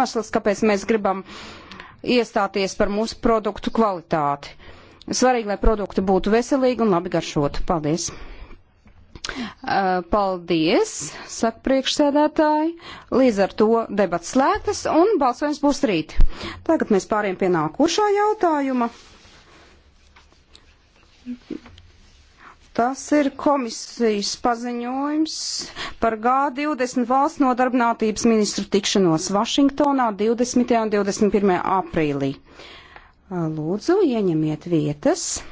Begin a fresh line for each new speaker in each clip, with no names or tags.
apmesls, kāpēc mēs gribam iestāties par mūsu produktu kvalitāti. Svarīgi, lai produkti būtu veselīgi un labi garšotu. Paldies! Paldies, saka priekšsēdētāji. Līdz ar to debats slēgtas un balsojums būs rīt. Tagad mēs pāriem pie nākošā jautājuma. Tas ir komisijas paziņojums par G20 valsts nodarbinātības ministru tikšanos Vašingtonā 20. un 21. aprīlī. Lūdzu, ieņemiet vietas.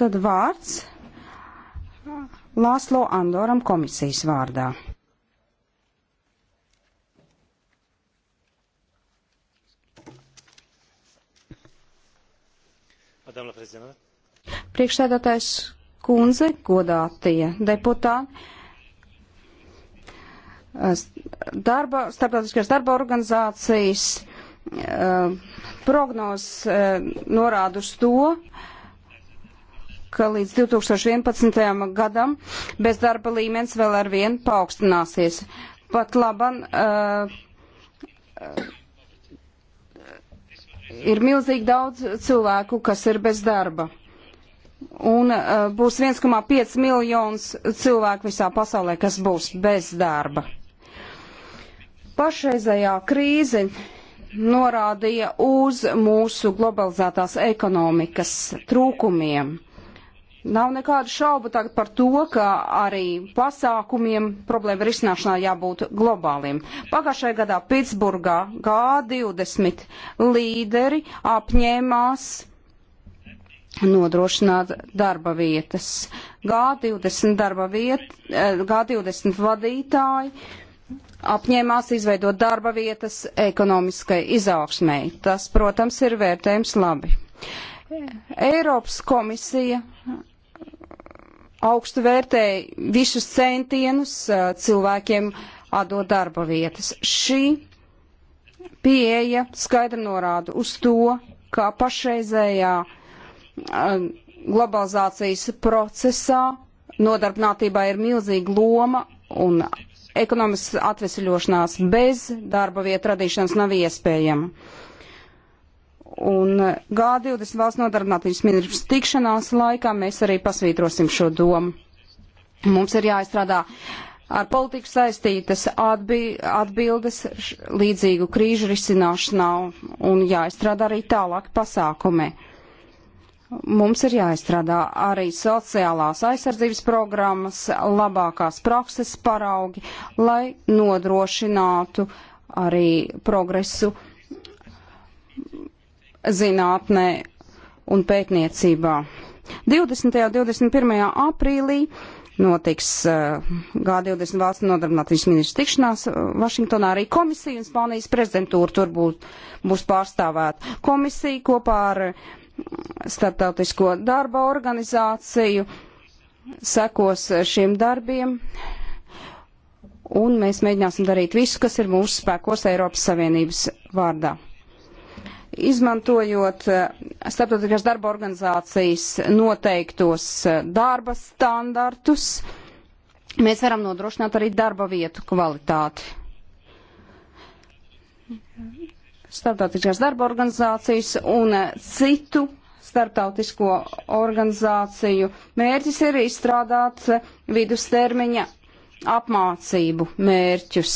Tad vārds Lāslo Andoram komisijas vārdā. Priekšsēdētājs kundze, godātie deputāti. Darba, starptautiskās darba organizācijas uh, prognozes uh, norāda uz to, ka līdz 2011. gadam bezdarba līmenis vēl ar vienu paaugstināsies. Pat laban uh, eh, ir milzīgi daudz cilvēku, kas ir bez darba. Un uh, būs 1,5 miljonus cilvēku visā pasaulē, kas būs bez darba. Pašreizējā krīze norādīja uz mūsu globalizētās ekonomikas trūkumiem. Uh, Nav nekādu šaubu tagad par to, ka arī pasākumiem problēma risināšanā jābūt globāliem. Pagājušajā gadā Pitsburgā G20 līderi apņēmās nodrošināt darba vietas. G20 darba viet, eh, G20 vadītāji apņēmās izveidot darba vietas ekonomiskai izaugsmēji. Tas, protams, ir vērtējums labi. Eiropas komisija augstu vērtēju visus centienus cilvēkiem atdot darba vietas. Šī pieeja skaidri norāda uz to, kā pašreizējā globalizācijas procesā nodarbinātībā ir milzīga loma un ekonomiskas atvesļošanās bez darba vietu radīšanas nav iespējama. Un G20 valsts nodarbinātības ministrs tikšanās laikā mēs arī pasvītrosim šo domu. Mums ir jāizstrādā ar politiku saistītas atbi atbildes līdzīgu krīžu risināšanā un jāizstrādā arī tālāk pasākumi. Mums ir jāizstrādā arī sociālās aizsardzības programmas, labākās prakses paraugi, lai nodrošinātu arī progresu zinātnē un pētniecībā. 20. un 21. aprīlī notiks uh, G20 valstu nodarbinātības ministrs tikšanās eh, Vašingtonā arī komisija un Spānijas prezidentūra tur būt, būs pārstāvēta. Komisija kopā ar mm, Startautisko darba organizāciju sekos šiem darbiem. Un mēs mēģināsim darīt visu, kas ir mūsu spēkos Eiropas Savienības vārdā izmantojot eh, starptautiskās darba organizācijas noteiktos eh, darba standartus, mēs varam nodrošināt arī darba vietu kvalitāti. Starptautiskās darba organizācijas un eh, citu starptautisko organizāciju mērķis ir izstrādāt vidustermiņa apmācību mērķus.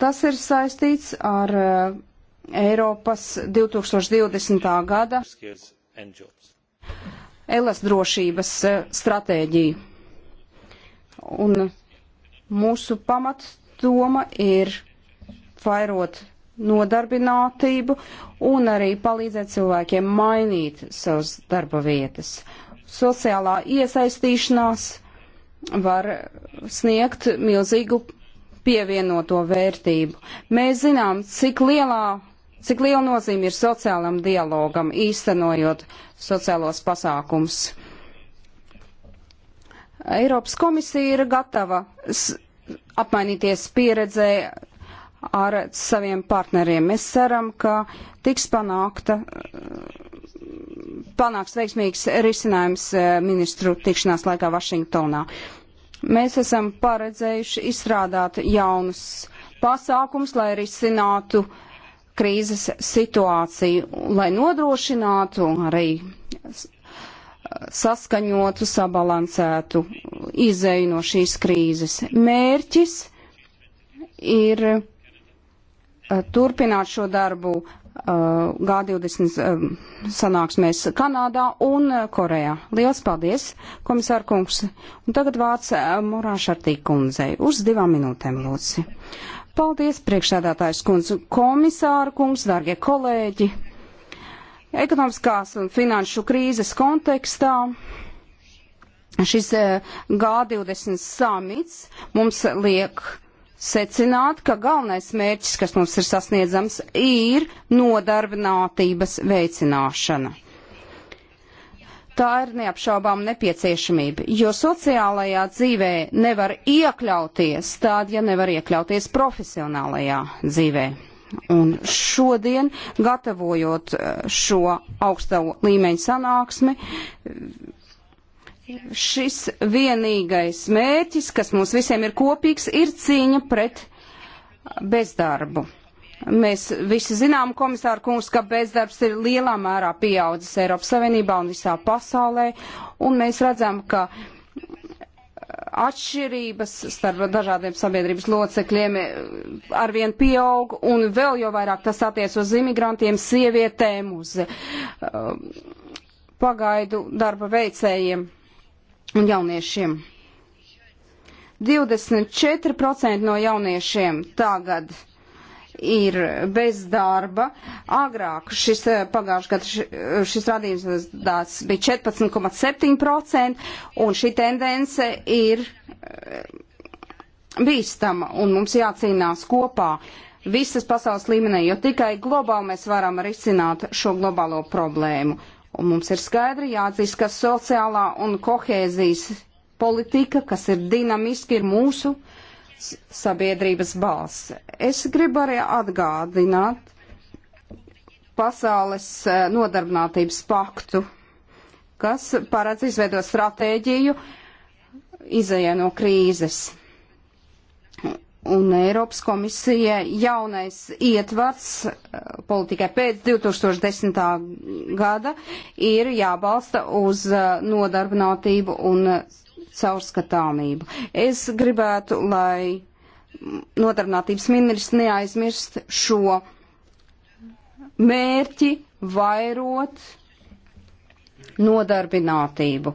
Tas ir saistīts ar Eiropas 2020. gada elas drošības eh, stratēģiju. Un mūsu pamatdoma ir vairot nodarbinātību un arī palīdzēt cilvēkiem mainīt savas darba vietas. Sociālā iesaistīšanās var sniegt milzīgu pievienoto vērtību. Mēs zinām, cik lielā Cik liela nozīme ir sociālam dialogam, īstenojot sociālos pasākums? Eiropas komisija ir gatava apmainīties pieredzē ar saviem partneriem. Mēs ceram, ka tiks panākta, panāks veiksmīgs risinājums e, ministru tikšanās laikā Vašingtonā. Mēs esam paredzējuši izstrādāt jaunus pasākums, lai risinātu uh, krīzes situāciju, lai nodrošinātu arī saskaņotu, sabalansētu izēju no šīs krīzes. Mērķis ir eh, turpināt šo darbu eh, G20 eh, sanāksmēs Kanādā un Korejā. Lielas paldies, komisāra kungs. Un tagad vārds Morāšartī kundzei. Uz divām minūtēm lūdzu. Paldies, priekšsēdētājs kundz, komisāra kungs, dārgie kolēģi. Ekonomiskās un finanšu krīzes kontekstā šis eh, G20 samits mums liek secināt, ka galvenais mērķis, kas mums ir sasniedzams, ir nodarbinātības veicināšana. Tā ir neapšaubām nepieciešamība, jo sociālajā dzīvē nevar iekļauties tād, ja nevar iekļauties profesionālajā dzīvē. Un šodien, gatavojot eh, šo augsta līmeņa sanāksmi, šis vienīgais mērķis, kas mums visiem ir kopīgs, ir cīņa pret bezdarbu. Mēs visi zinām, komisāra kungs, ka bezdarbs ir lielā mērā pieaudzis Eiropas Savienībā un visā pasaulē, un mēs redzam, ka atšķirības starp dažādiem sabiedrības locekļiem arvien pieaug, un vēl jau vairāk tas attiec uz imigrantiem, sievietēm, uz uh, pagaidu darba veicējiem un jauniešiem. 24% no jauniešiem tagad ir bez darba. Agrāk šis eh, pagājušajā gadā eh, šis rādījums bija 14,7% un šī tendence ir eh, bīstama un mums jācīnās kopā visas pasaules līmenī, jo tikai globāli mēs varam risināt šo globālo problēmu. Un mums ir skaidri jāatzīst, ka sociālā un kohēzijas politika, kas ir dinamiski, ir mūsu uh, sabiedrības balss. Es gribu arī atgādināt pasaules e, nodarbinātības paktu, kas paredz izveidot stratēģiju izējai no krīzes. Un Eiropas komisija jaunais ietvars e, politikai pēc 2010. gada ir jābalsta uz e, nodarbinātību un caurskatāmību. Es gribētu, lai nodarbinātības ministrs neaizmirst šo mērķi vairot nodarbinātību.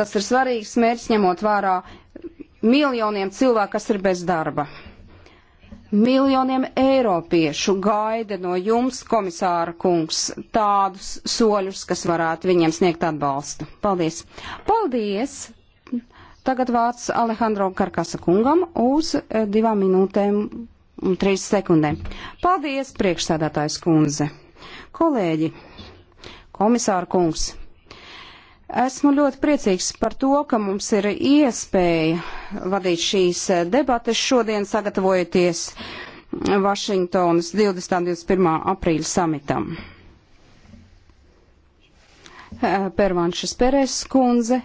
Tas ir svarīgs mērķis, ņemot vērā miljoniem cilvēku, kas ir bez darba. Miljoniem eiropiešu gaida no jums, komisāra kungs, tādus soļus, kas varētu viņiem sniegt atbalstu. Paldies! Paldies Tagad vārds Alejandro Karkasa kungam uz eh, divām minūtēm un trīs sekundēm. Paldies, priekšsēdētājs kundze. Kolēģi, komisāra kungs, esmu ļoti priecīgs par to, ka mums ir iespēja vadīt šīs eh, debates šodien sagatavojoties Vašingtonas 20. un 21. aprīļa samitam. Eh, Pervanšas Peres kundze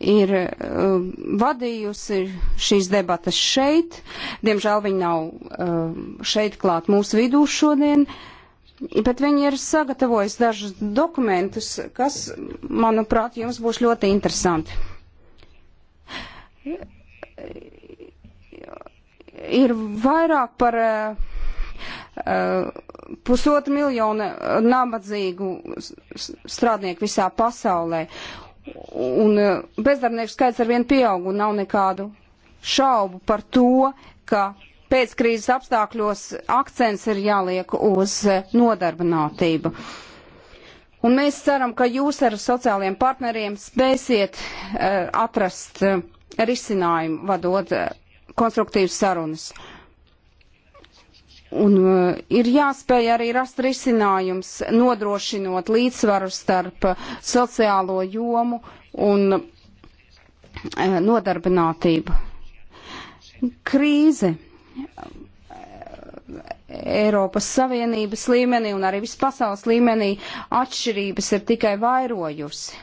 ir uh, vadījusi šīs debatas šeit. Diemžēl viņa nav uh, šeit klāt mūsu vidū šodien, bet viņa ir sagatavojusi dažus dokumentus, kas, manuprāt, jums būs ļoti interesanti. Ir vairāk par uh, uh pusotru miljonu nabadzīgu strādnieku visā pasaulē. Un eh, bezdarbnieku skaits ar vienu pieaug un nav nekādu šaubu par to, ka pēc krīzes apstākļos akcents ir jāliek uz eh, nodarbinātību. Un mēs ceram, ka jūs ar sociālajiem partneriem spēsiet uh, atrast uh, risinājumu, vadot uh, konstruktīvas sarunas. Un uh, ir jāspēj arī rast risinājums, nodrošinot līdzsvaru starp sociālo jomu un uh, nodarbinātību. Krīze e, Eiropas Savienības līmenī un arī vispasaules līmenī atšķirības ir tikai vairojusi.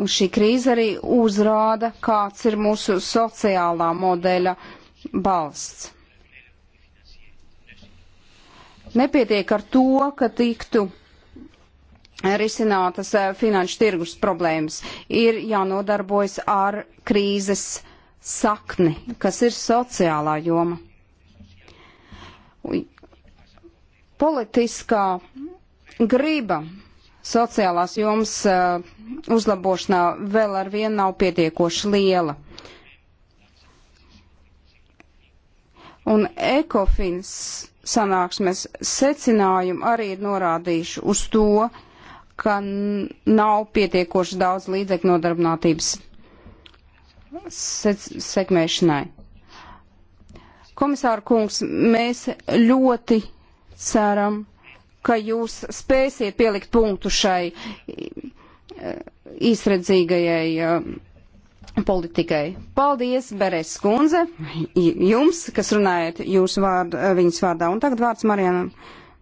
Un šī krīze arī uzrāda, kāds ir mūsu sociālā modeļa uh, balsts. Nepietiek ar to, ka tiktu risinātas eh, finanšu tirgus problēmas. Ir jānodarbojas ar krīzes sakni, kas ir sociālā joma. Politiskā griba sociālās jomas eh, uzlabošanā vēl ar vienu nav pietiekoši liela. un ekofins sanāksmes secinājumu arī norādīšu uz to, ka nav pietiekoši daudz līdzekļu nodarbinātības se sekmēšanai. Komisāra kungs, mēs ļoti ceram, ka jūs spēsiet pielikt punktu šai e, īsredzīgajai e, politikai. Paldies, Beres Kunze, jums, kas runājat jūsu vārdu, eh, viņas vārdā. Un tagad vārds Marianam.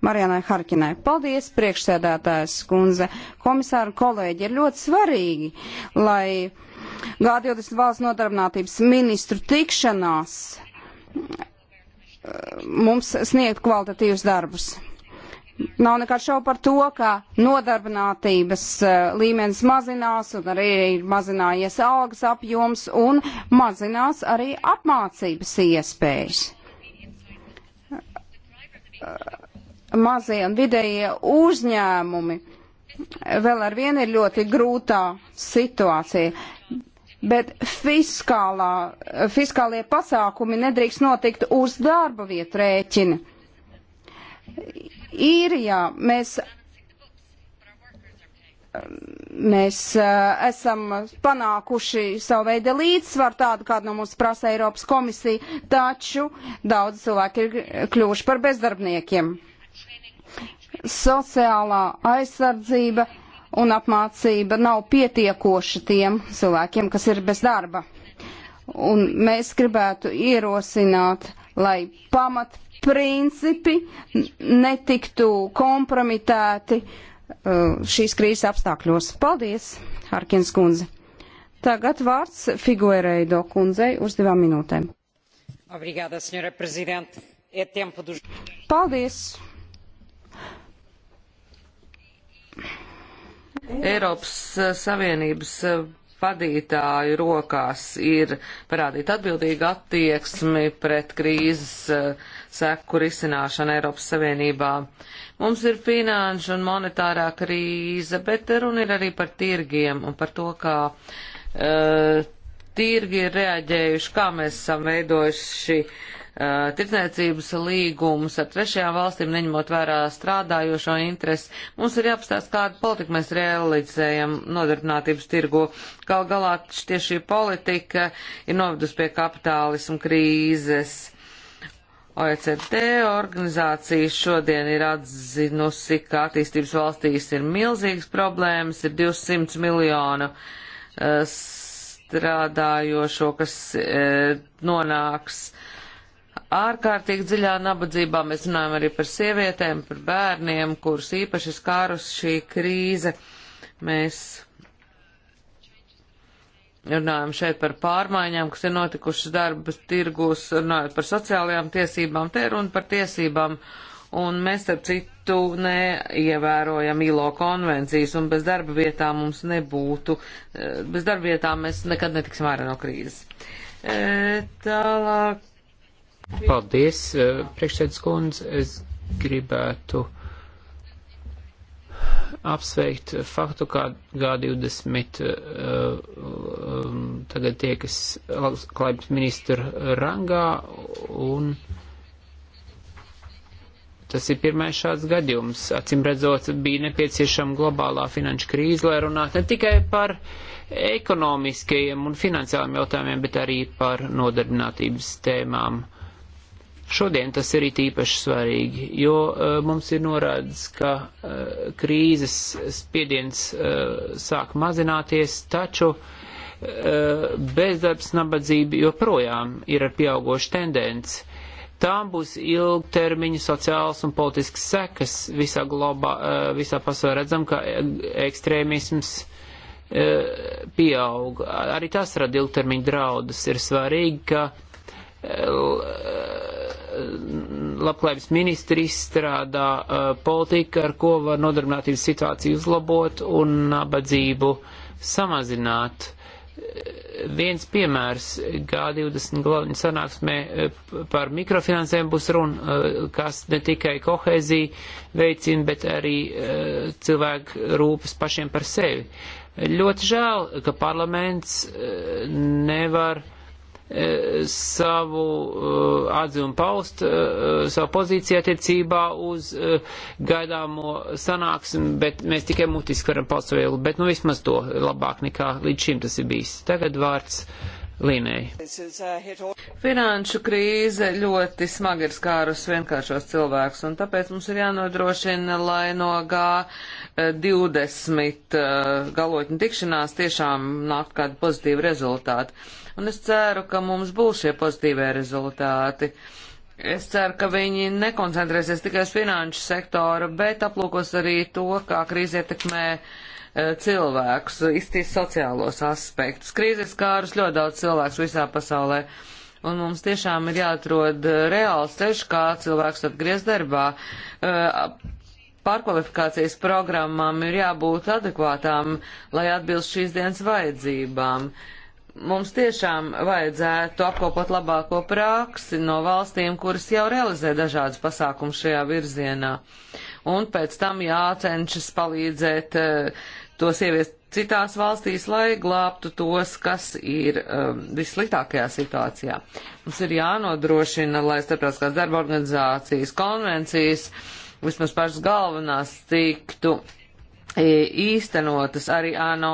Marijanai Harkinai. Paldies, priekšsēdētājs kundze. Komisāru kolēģi ir ļoti svarīgi, lai G20 valsts nodarbinātības ministru tikšanās eh, mums sniegt kvalitatīvus darbus. Nav nekāds šau par to, ka nodarbinātības eh, līmenis mazinās un arī ir mazinājies algas apjoms un mazinās arī apmācības iespējas. Mazie un vidējie uzņēmumi vēl ar vienu ir ļoti grūtā situācija. Bet fiskālā, fiskālie pasākumi nedrīkst notikt uz darba vietu rēķina. Īrijā mēs mēs uh, esam panākuši savu veidu līdzsvaru, tādu kādu no mums prasa Eiropas komisija, taču daudz cilvēki ir kļuvuši par bezdarbniekiem. Sociālā aizsardzība un apmācība nav pietiekoši tiem cilvēkiem, kas ir bez darba. Un mēs gribētu ierosināt, lai pamat principi netiktu kompromitēti uh, šīs krīzes apstākļos. Paldies, Harkins kundze. Tagad vārds Figueiredo kundzei uz divām minūtēm. Obrigada, senhora prezidente. É tempo dos... Paldies.
Eiropas uh, Savienības uh, vadītāju rokās ir parādīt atbildīgu attieksmi pret krīzes uh, seku risināšana Eiropas Savienībā. Mums ir finanšu un monetārā krīze, bet runa ir arī par tirgiem un par to, kā uh, tirgi ir reaģējuši, kā mēs esam veidojuši uh, tirdzniecības līgumus ar trešajām valstīm, neņemot vērā strādājošo interesi. Mums ir jāapstāst, kādu politiku mēs realizējam nodarbinātības tirgu. Gal galā tieši šī politika ir novedusi pie kapitālismu krīzes. OECD organizācija šodien ir atzinusi, ka attīstības valstīs ir milzīgas problēmas, ir 200 miljonu uh, strādājošo, kas uh, nonāks ārkārtīgi dziļā nabadzībā. Mēs runājam arī par sievietēm, par bērniem, kurus īpaši skārus šī krīze. Mēs runājam šeit par pārmaiņām, kas ir notikušas darba tirgus, runājot par sociālajām tiesībām, te runa par tiesībām, un mēs, starp citu, neievērojam ILO konvencijas, un bez darba vietām mums nebūtu, eh, bez darba vietām mēs nekad netiksim ārā no krīzes.
E, tālāk. Paldies, eh, priekšsēdus kundze, es gribētu apsveikt faktu, kā G20 uh, tagad tie, kas lauksaimniecības ministra rangā, un tas ir pirmais šāds gadījums. Acim redzot, bija nepieciešama globālā finanšu krīze, lai runātu ne tikai par ekonomiskajiem un finansiāliem jautājumiem, bet arī par nodarbinātības tēmām. Šodien tas ir īpaši svarīgi, jo uh, mums ir norādes, ka uh, krīzes spiediens uh, sāk mazināties, taču uh, Eh, bezdarbs, nabadzība joprojām ir ar pieaugošu tendenci. Tām būs ilgtermiņa sociāls un politisks sekas visā, globā, eh, visā pasaulē. Redzam, ka ekstrēmisms eh, pieaug. Arī tas rada ilgtermiņa draudus. Ir svarīgi, ka labklājības ministri izstrādā politiku, ar ko var nodarbinātības situāciju uzlabot un nabadzību samazināt. Uh, Viens piemērs G20 galvenā sanāksmē eh, par mikrofinansēm būs runa, eh, kas ne tikai kohēziju veicina, bet arī eh, cilvēku rūpes pašiem par sevi. Ļoti žēl, ka parlaments nevar uh, E, savu uh, e, atzīmu paust, uh, savu pozīciju attiecībā uz uh, gaidāmo sanāksmi, bet mēs tikai mutiski varam paust savu vielu, bet nu vismaz to labāk nekā līdz šim tas ir bijis. Tagad vārds.
Līnēji. Uh,
Finanšu krīze ļoti
smagi ir skārus vienkāršos cilvēkus, un tāpēc mums ir jānodrošina, lai no G20 eh, eh, galotņu tikšanās tiešām nāk kādi pozitīvi rezultāti un es ceru, ka mums būs šie pozitīvie rezultāti. Es ceru, ka viņi nekoncentrēsies tikai uz finanšu sektoru, bet aplūkos arī to, kā krīze ietekmē e, cilvēkus, iztīst sociālos aspektus. Krīzes kārus ļoti daudz cilvēks visā pasaulē. Un mums tiešām ir jāatrod e, reāls ceļš, kā cilvēks atgriezt darbā. E, Pārkvalifikācijas programmām ir jābūt adekvātām, lai atbilst šīs dienas vajadzībām. Uh, mums tiešām vajadzētu apkopot labāko praksi no valstīm, kuras jau realizē dažādas pasākumus šajā virzienā. Un pēc tam jācenšas palīdzēt eh, tos ieviest citās valstīs, lai glābtu tos, kas ir um, vissliktākajā situācijā. Mums ir jānodrošina, lai starptautiskās darba organizācijas konvencijas, vismaz pašas galvenās, tiktu uh, E, īstenotas arī ANO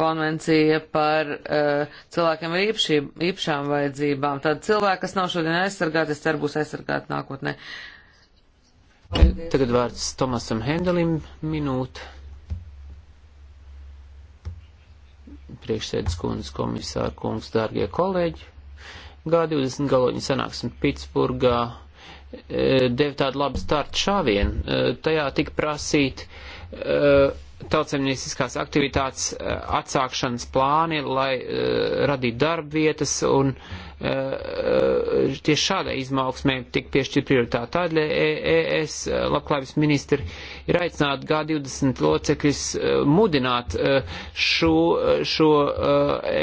konvencija par uh, cilvēkiem ar īpašīm, īpašām vajadzībām. Tad cilvēki, kas nav šodien aizsargāti, es ceru, būs aizsargāti nākotnē.
Tagad vārds Tomasam Hendelim minūte. Priekšsēdus kundas komisāra kungs, dārgie kolēģi. G20 galoņa sanāksim Pitsburgā. E, Dev tādu labu startu šāvienu. Tajā tika prasīt uh, Eh, tautsemnieciskās aktivitātes eh, atsākšanas plāni, lai eh, radītu darba vietas un uh, Eh, eh, tieši šādai izmauksmē tik piešķir prioritāti. Tādēļ e, e, ES eh, labklājības ministri ir aicināti G20 locekļus mudināt šo, šo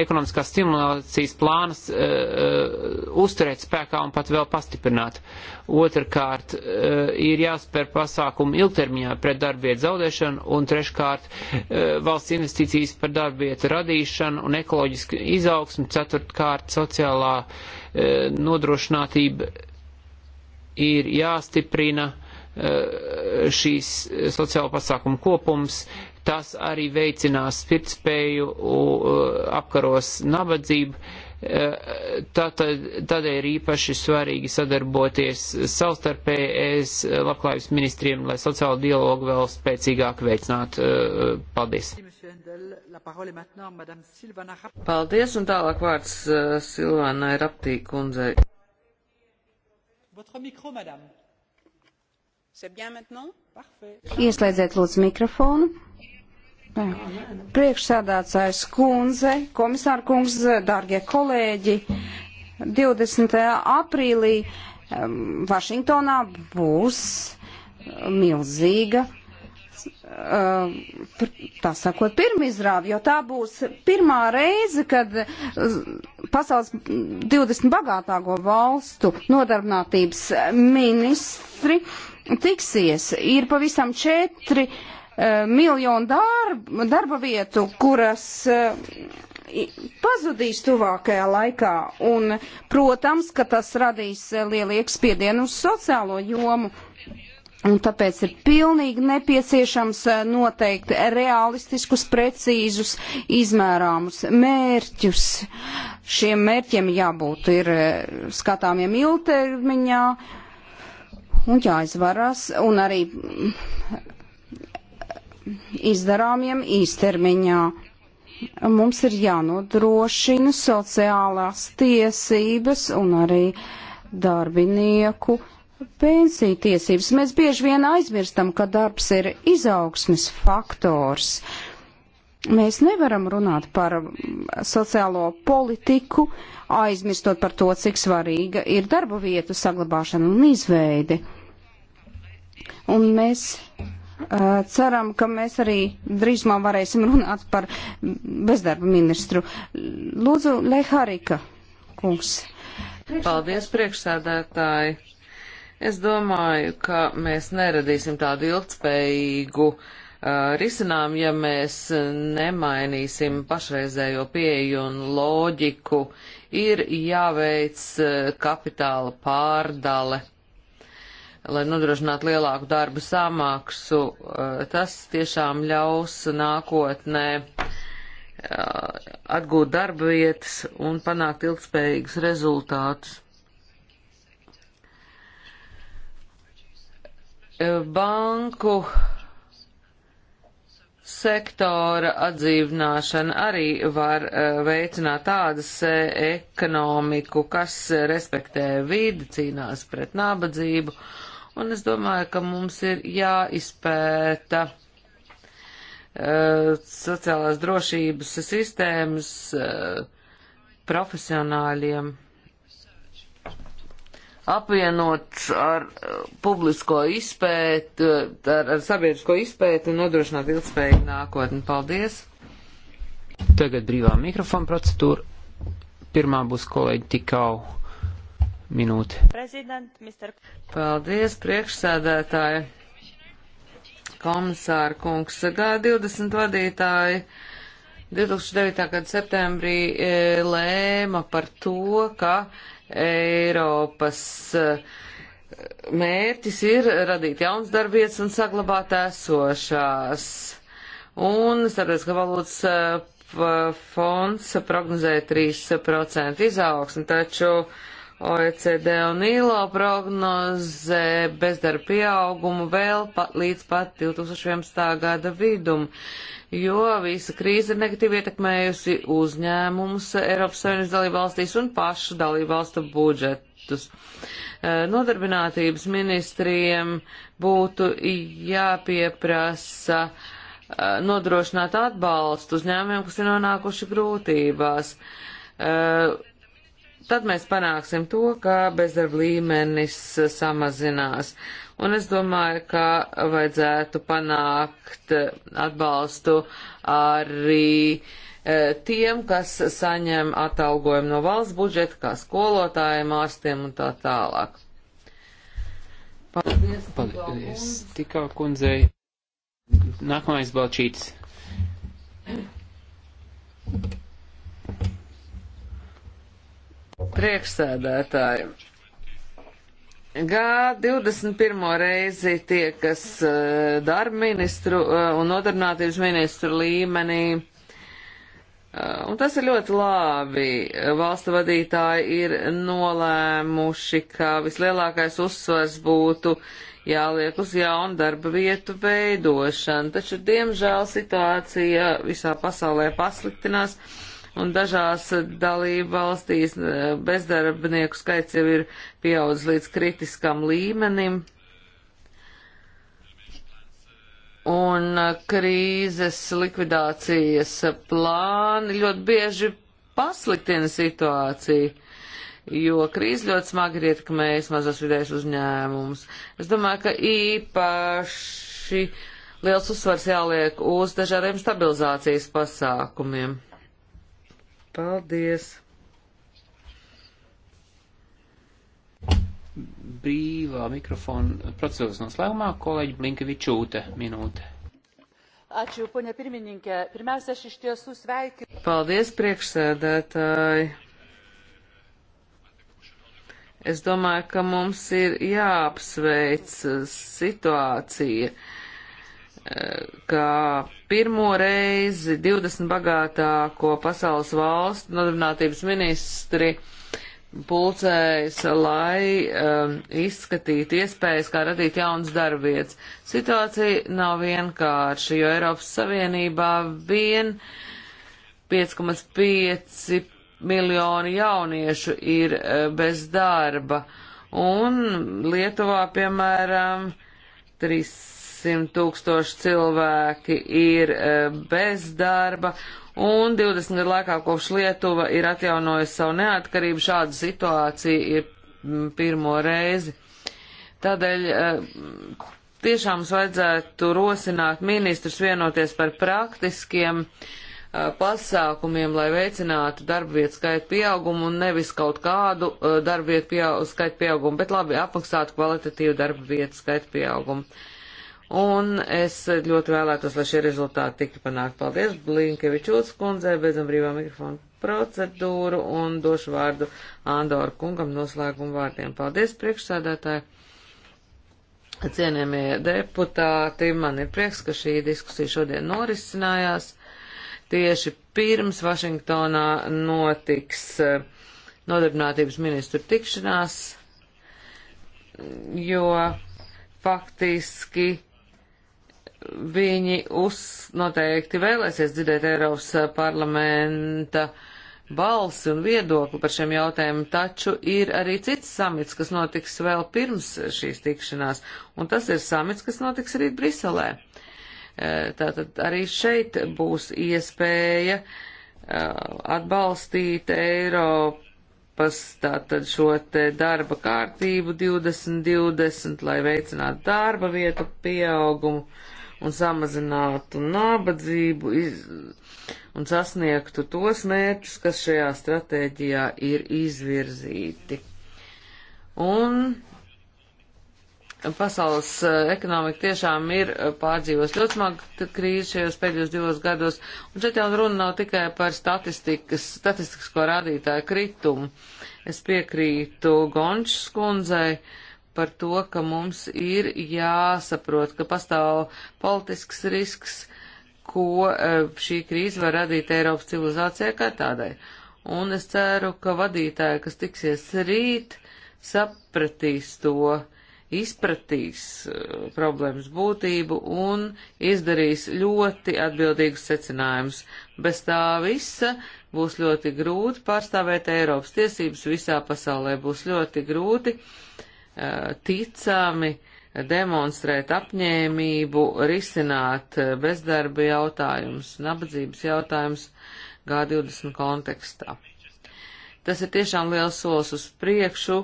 ekonomiskās stimulācijas plānas uzturēt spēkā un pat vēl pastiprināt. Otrakārt, ir jāspēr pasākumu ilgtermiņā pret darbvietu zaudēšanu un treškārt valsts investīcijas par darbvietu radīšanu un ekoloģisku izaugsmu, ceturtkārt sociālā E, nodrošinātība ir jāstiprina e, šīs sociāla pasākuma kopums, tas arī veicinās spirtspēju, e, apkaros nabadzību, tātad, tādēļ ir īpaši svarīgi sadarboties savstarpēji es labklājības ministriem, lai sociālo dialogu vēl spēcīgāk veicinātu. Paldies! Paldies, un tālāk vārds uh, eh, Silvānai
Raptī kundzei.
Micro, Ieslēdziet
lūdzu mikrofonu. Priekšsādātājs kundze, komisāra kungs, dārgie kolēģi, 20. aprīlī um, Vašingtonā būs milzīga Uh, tā sakot, pirmizrāvi, jo tā būs pirmā reize, kad uh, pasaules 20 bagātāko valstu nodarbinātības ministri tiksies. Ir pavisam četri uh, miljonu darba, darba vietu, kuras pazudīs tuvākajā laikā, un, protams, ka tas radīs lielu iekspiedienu uz sociālo jomu Un tāpēc ir pilnīgi nepieciešams eh, noteikt realistiskus, precīzus, izmērāmus mērķus. Šiem mērķiem jābūt ir eh, skatāmiem ilgtermiņā un jāizvaras un arī mm, izdarāmiem īstermiņā. Mums ir jānodrošina sociālās tiesības un arī darbinieku Pensiju tiesības. Mēs bieži vien aizmirstam, ka darbs ir izaugsmes faktors. Mēs nevaram runāt par sociālo politiku, aizmirstot par to, cik svarīga ir darba vietu saglabāšana un izveide. Un mēs uh, ceram, ka mēs arī drīzumā varēsim runāt par bezdarba ministru. Lūdzu, Leharika
kungs. Paldies, priekšsēdētāji. Es domāju, ka mēs neradīsim tādu ilgtspējīgu uh, risinājumu, ja mēs nemainīsim pašreizējo pieeju un loģiku. Ir jāveic uh, kapitāla pārdale, lai nodrošinātu lielāku darbu samaksu. Uh, tas tiešām ļaus nākotnē uh, atgūt darba vietas un panākt ilgtspējīgus rezultātus. banku sektora atdzīvināšana arī var e, veicināt tādas ekonomiku, kas respektē vidi, cīnās pret nabadzību, un es domāju, ka mums ir jāizpēta uh, sociālās drošības sistēmas uh, profesionāļiem apvienots ar eh, publisko izpēti, eh, ar, ar sabiedrisko izpēti un nodrošināt ilgspējīgu nākotni. Paldies!
Tagad brīvā mikrofona procedūra. Pirmā būs kolēģi Tikau minūte. Mister... Paldies, priekšsēdētāji,
komisāra kungs, G20 vadītāji 2009. gada septembrī e, lēma par to, ka Eiropas e, mērķis ir radīt jauns darbietas un saglabāt esošās. Un starptautiskā valūtas e, fonds prognozē 3% izaugsmi, taču OECD un ILO prognozē bezdarba pieaugumu vēl pat, līdz pat 2011. gada vidum. Uh, jo visa krīze ir negatīvi ietekmējusi uzņēmumus Eiropas Savienības dalību valstīs un pašu dalību valstu budžetus. Eh, nodarbinātības ministriem būtu jāpieprasa eh, nodrošināt atbalstu uzņēmumiem, kas ir nonākuši grūtībās. Eh, tad mēs panāksim to, ka bezdarba līmenis samazinās un es domāju, ka vajadzētu panākt atbalstu arī e, tiem, kas saņem atalgojumu no valsts budžeta, kā
skolotājiem, ārstiem un tā tālāk. Paldies, Paldies tikā kundzei. Nākamais balčītis.
Priekšsēdētāji. G21 reizi tie, kas e, darba ministru e, un nodarbinātības ministru līmenī. E, un tas ir ļoti labi. Valstu vadītāji ir nolēmuši, ka vislielākais uzsvars būtu jāliek uz jaunu darba vietu veidošanu. Taču, diemžēl, situācija visā pasaulē pasliktinās. Uh, un dažās dalību valstīs eh, bezdarbnieku skaits jau ir pieaudzis līdz kritiskam līmenim. Un eh, krīzes likvidācijas plāni ļoti bieži pasliktina situāciju, jo krīze ļoti smagi ir ietekmējusi mazos vidējos uzņēmumus. Es domāju, ka īpaši liels uzsvars jāliek uz dažādiem stabilizācijas
pasākumiem.
Paldies!
Brīvā mikrofona procedūras noslēgumā kolēģi Blinkevičūte minūte.
Ačiū, ponia pirmininkė. Pirmiausia, aš iš tiesų sveikinu.
Paldies, priekšsēdētāji.
Es domāju, ka mums ir jāapsveic situācija. Uh, ka pirmo reizi 20 bagātāko pasaules valstu nodarbinātības ministri pulcējas, lai um, izskatītu iespējas, kā radīt jaunas darbvietas. Situācija nav vienkārša, jo Eiropas Savienībā vien 5,5 miljoni jauniešu ir uh, bez darba, un Lietuvā, piemēram, 3 400 tūkstoši cilvēki ir e, bez darba, un 20 gadu laikā kopš Lietuva ir atjaunojusi savu neatkarību, šāda situācija ir pirmo reizi. Tādēļ e, tiešām mums vajadzētu rosināt ministrus vienoties par praktiskiem e, pasākumiem, lai veicinātu darbvietu skaitu pieaugumu un nevis kaut kādu darbvietu pieaug, skaitu pieaugumu, bet labi apmaksātu kvalitatīvu darbvietu skaitu pieaugumu. Un es ļoti vēlētos, lai šie rezultāti tiktu panākt. Paldies Blinkevičūtas kundzei, beidzam brīvā mikrofonu procedūru un došu vārdu Andoru kungam noslēgumu vārdiem. Paldies priekšsādātāji. Cienījamie deputāti, man ir prieks, ka šī diskusija šodien norisinājās. Tieši pirms Vašingtonā notiks eh, nodarbinātības ministru tikšanās, jo faktiski viņi uz noteikti vēlēsies dzirdēt Eiropas eh, parlamenta balsi un viedokli par šiem jautājumiem, taču ir arī cits samits, kas notiks vēl pirms šīs tikšanās, un tas ir samits, kas notiks rīt Briselē. Eh, tātad arī šeit būs iespēja eh, atbalstīt Eiropas tātad šo te darba kārtību 2020, lai veicinātu darba vietu pieaugumu un samazinātu nabadzību iz, un sasniegtu tos mērķus, kas šajā stratēģijā ir izvirzīti. Un pasaules eh, ekonomika tiešām ir eh, pārdzīvos ļoti smagu krīzi šajos pēdējos divos gados, un šeit jau runa nav tikai par statistikas, statistikas ko rādītāju kritumu. Es piekrītu Gončs kundzei. Uh, par to, ka mums ir jāsaprot, ka pastāv politisks risks, ko e, šī krīze var radīt Eiropas civilizācijai kā tādai. Un es ceru, ka vadītāji, kas tiksies rīt, sapratīs to, izpratīs e, problēmas būtību un izdarīs ļoti atbildīgus secinājumus. Bez tā visa būs ļoti grūti pārstāvēt Eiropas tiesības visā pasaulē, būs ļoti grūti uh, ticami demonstrēt apņēmību, risināt bezdarba jautājumus, nabadzības jautājumus G20 kontekstā. Tas ir tiešām liels solis uz priekšu,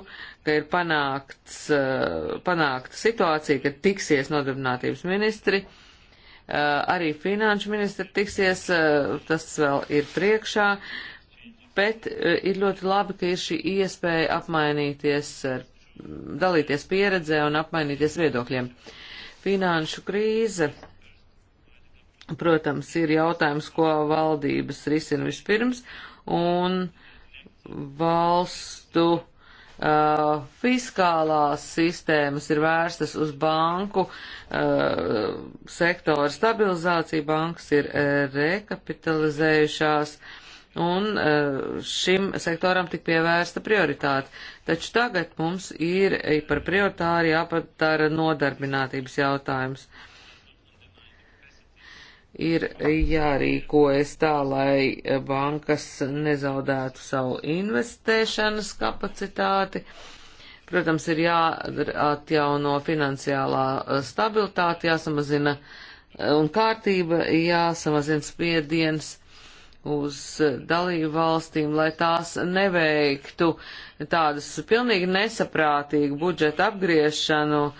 ka ir panākts, eh, panākta situācija, ka tiksies nodarbinātības ministri, eh, arī finanšu ministri tiksies, eh, tas vēl ir priekšā, bet ir ļoti labi, ka ir šī iespēja apmainīties ar dalīties pieredzē un apmainīties viedokļiem. Finanšu krīze, protams, ir jautājums, ko valdības risina vispirms, un valstu uh, fiskālās sistēmas ir vērstas uz banku uh, sektora stabilizāciju, bankas ir uh, rekapitalizējušās. Uh, un e, šim sektoram tik pievērsta prioritāte. Taču tagad mums ir e, par prioritāri jāpadara nodarbinātības jautājums. Ir jārīkojas tā, lai bankas nezaudētu savu investēšanas kapacitāti. Protams, ir jāatjauno finansiālā stabilitāte, jāsamazina un kārtība, jāsamazina spiediens uz dalību valstīm, lai tās neveiktu tādas pilnīgi nesaprātīgu budžeta apgriešanu uh,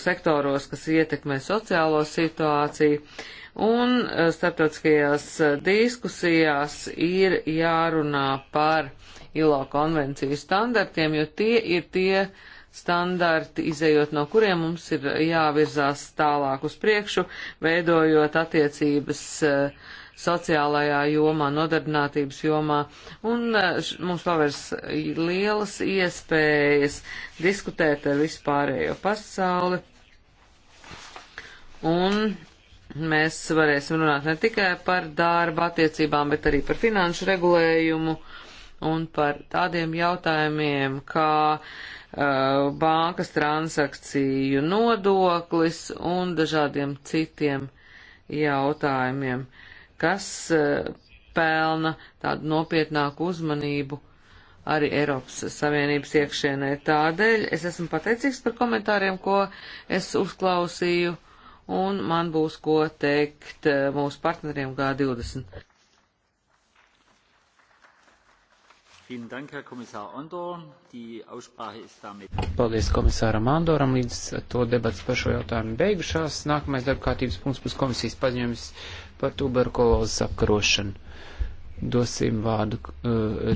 sektoros, kas ietekmē sociālo situāciju. Un uh, starptautiskajās eh, diskusijās ir jārunā par ILO konvenciju standartiem, jo tie ir tie standarti, izējot no kuriem mums ir jāvirzās tālāk uz priekšu, veidojot attiecības uh, sociālajā jomā, nodarbinātības jomā, un e, mums pavērs lielas iespējas diskutēt ar vispārējo pasauli, un mēs varēsim runāt ne tikai par darba attiecībām, bet arī par finanšu regulējumu un par tādiem jautājumiem, kā uh, bankas transakciju nodoklis un dažādiem citiem jautājumiem. Uh, kas eh, pelna tādu nopietnāku uzmanību arī Eiropas Savienības iekšienē. Tādēļ es esmu pateicīgs par komentāriem, ko es uzklausīju, un man būs ko teikt eh, mūsu partneriem G20.
Paldies komisāram Andoram, līdz to debats par šo jautājumu beigušās. Nākamais darba kārtības punkts būs komisijas paziņojums par tuberkulozes apkarošanu. Dosim vārdu uh,